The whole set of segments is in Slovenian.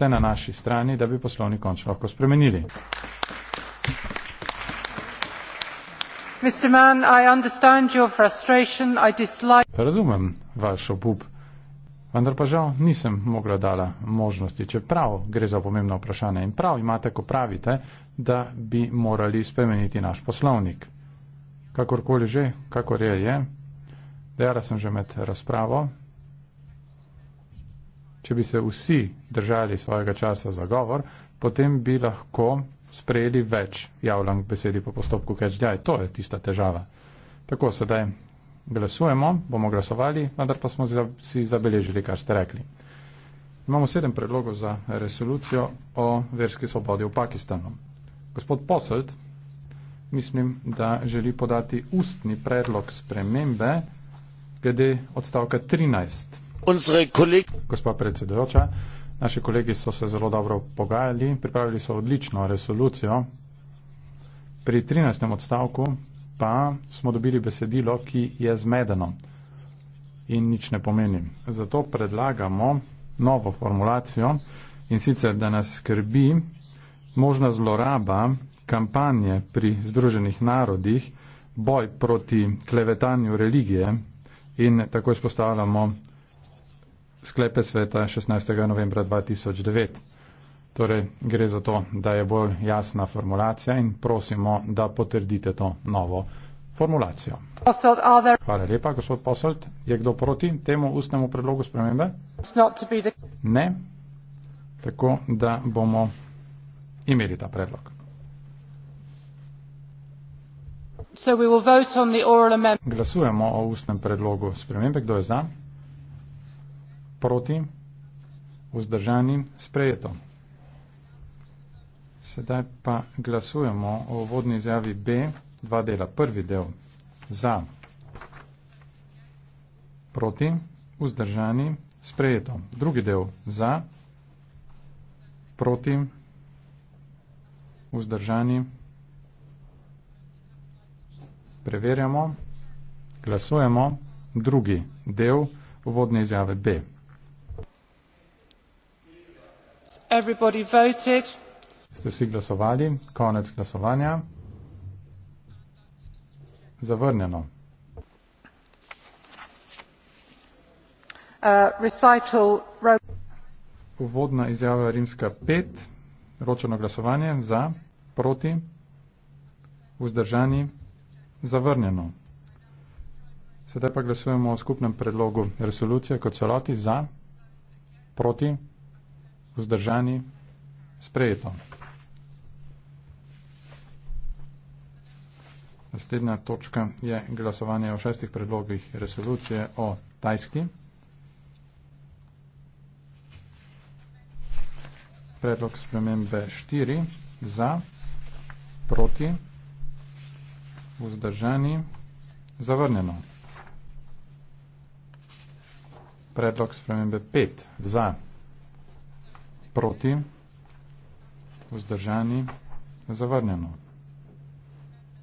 ste na naši strani, da bi poslovni končno lahko spremenili. Man, dislike... Razumem vaš obup, vendar pa žal nisem mogla dala možnosti, čeprav gre za pomembno vprašanje in prav imate, ko pravite, da bi morali spremeniti naš poslovnik. Kakorkoli že, kakor je, je. Dejala sem že med razpravo, Če bi se vsi držali svojega časa za govor, potem bi lahko sprejeli več javljank besedi po postopku catch-dj. To je tista težava. Tako sedaj glasujemo, bomo glasovali, vendar pa smo si zabeležili, kar ste rekli. Imamo sedem predlogov za resolucijo o verski svobodi v Pakistanu. Gospod Poselt, mislim, da želi podati ustni predlog spremembe glede odstavka 13. Gospod predsedujoča, naši kolegi so se zelo dobro pogajali, pripravili so odlično resolucijo. Pri 13. odstavku pa smo dobili besedilo, ki je zmedeno in nič ne pomeni. Zato predlagamo novo formulacijo in sicer, da nas skrbi možna zloraba kampanje pri Združenih narodih, boj proti klevetanju religije in tako izpostavljamo sklepe sveta 16. novembra 2009. Torej, gre za to, da je bolj jasna formulacija in prosimo, da potrdite to novo formulacijo. Hvala lepa, gospod Posold. Je kdo proti temu ustnemu predlogu spremembe? Ne. Tako da bomo imeli ta predlog. Glasujemo o ustnem predlogu spremembe. Kdo je za? proti, vzdržani, sprejeto. Sedaj pa glasujemo o vodni izjavi B, dva dela. Prvi del za, proti, vzdržani, sprejeto. Drugi del za, proti, vzdržani, preverjamo, glasujemo, drugi del vodne izjave B ste vsi glasovali konec glasovanja zavrnjeno uh, uvodna izjava rimska pet ročeno glasovanje za proti vzdržani zavrnjeno sedaj pa glasujemo o skupnem predlogu resolucije kot celoti za proti vzdržani, sprejeto. Naslednja točka je glasovanje o šestih predlogih resolucije o Tajski. Predlog spremembe 4 za, proti, vzdržani, zavrnjeno. Predlog spremembe 5 za, proti, vzdržani, zavrnjeno proti, vzdržani, zavrnjeno.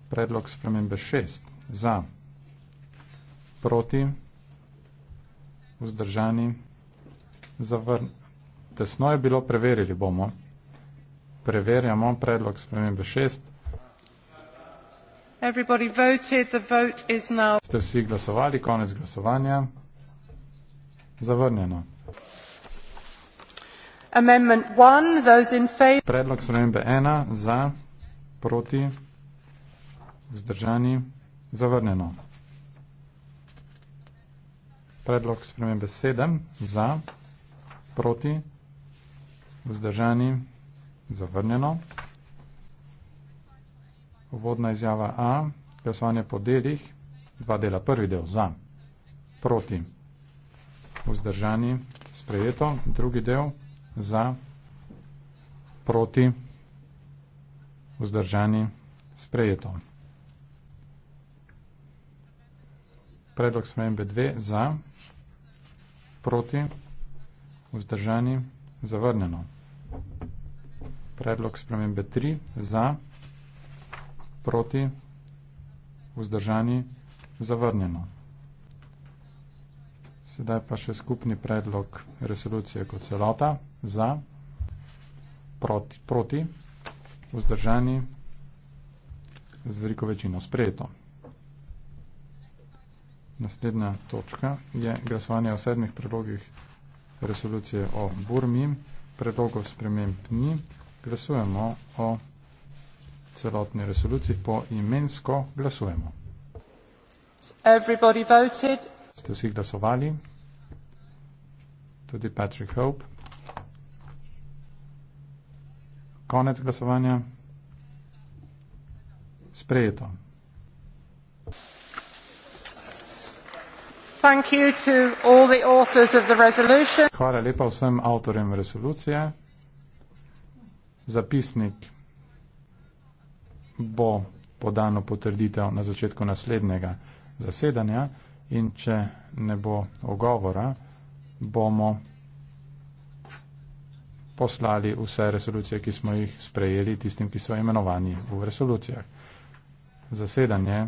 Predlog spremembe šest, za, proti, vzdržani, zavrnjeno. Tesno je bilo, preverili bomo. Preverjamo predlog spremembe šest. Ste vsi glasovali, konec glasovanja, zavrnjeno amendment one those in favor predlog spremembe ena za proti vzdržani zavrnjeno predlog spremembe sedem za proti vzdržani zavrnjeno uvodna izjava a glasovanje po delih dva dela prvi del za proti vzdržani sprejeto drugi del za, proti, vzdržani, sprejeto. Predlog spremembe 2 za, proti, vzdržani, zavrnjeno. Predlog spremembe 3 za, proti, vzdržani, zavrnjeno. Sedaj pa še skupni predlog resolucije kot celota za, proti, proti vzdržani, z veliko večino sprejeto. Naslednja točka je glasovanje o sedmih predlogih resolucije o Burmi. Predlogov sprememb ni. Glasujemo o celotni resoluciji po imensko glasujemo. Everybody voted ste vsi glasovali, tudi Patrick Hope. Konec glasovanja. Sprejeto. Thank you to all the authors of the resolution. Hvala lepa vsem avtorjem resolucije. Zapisnik bo podano potrditev na začetku naslednjega zasedanja in če ne bo ogovora, bomo poslali vse resolucije, ki smo jih sprejeli, tistim, ki so imenovani v resolucijah. Zasedanje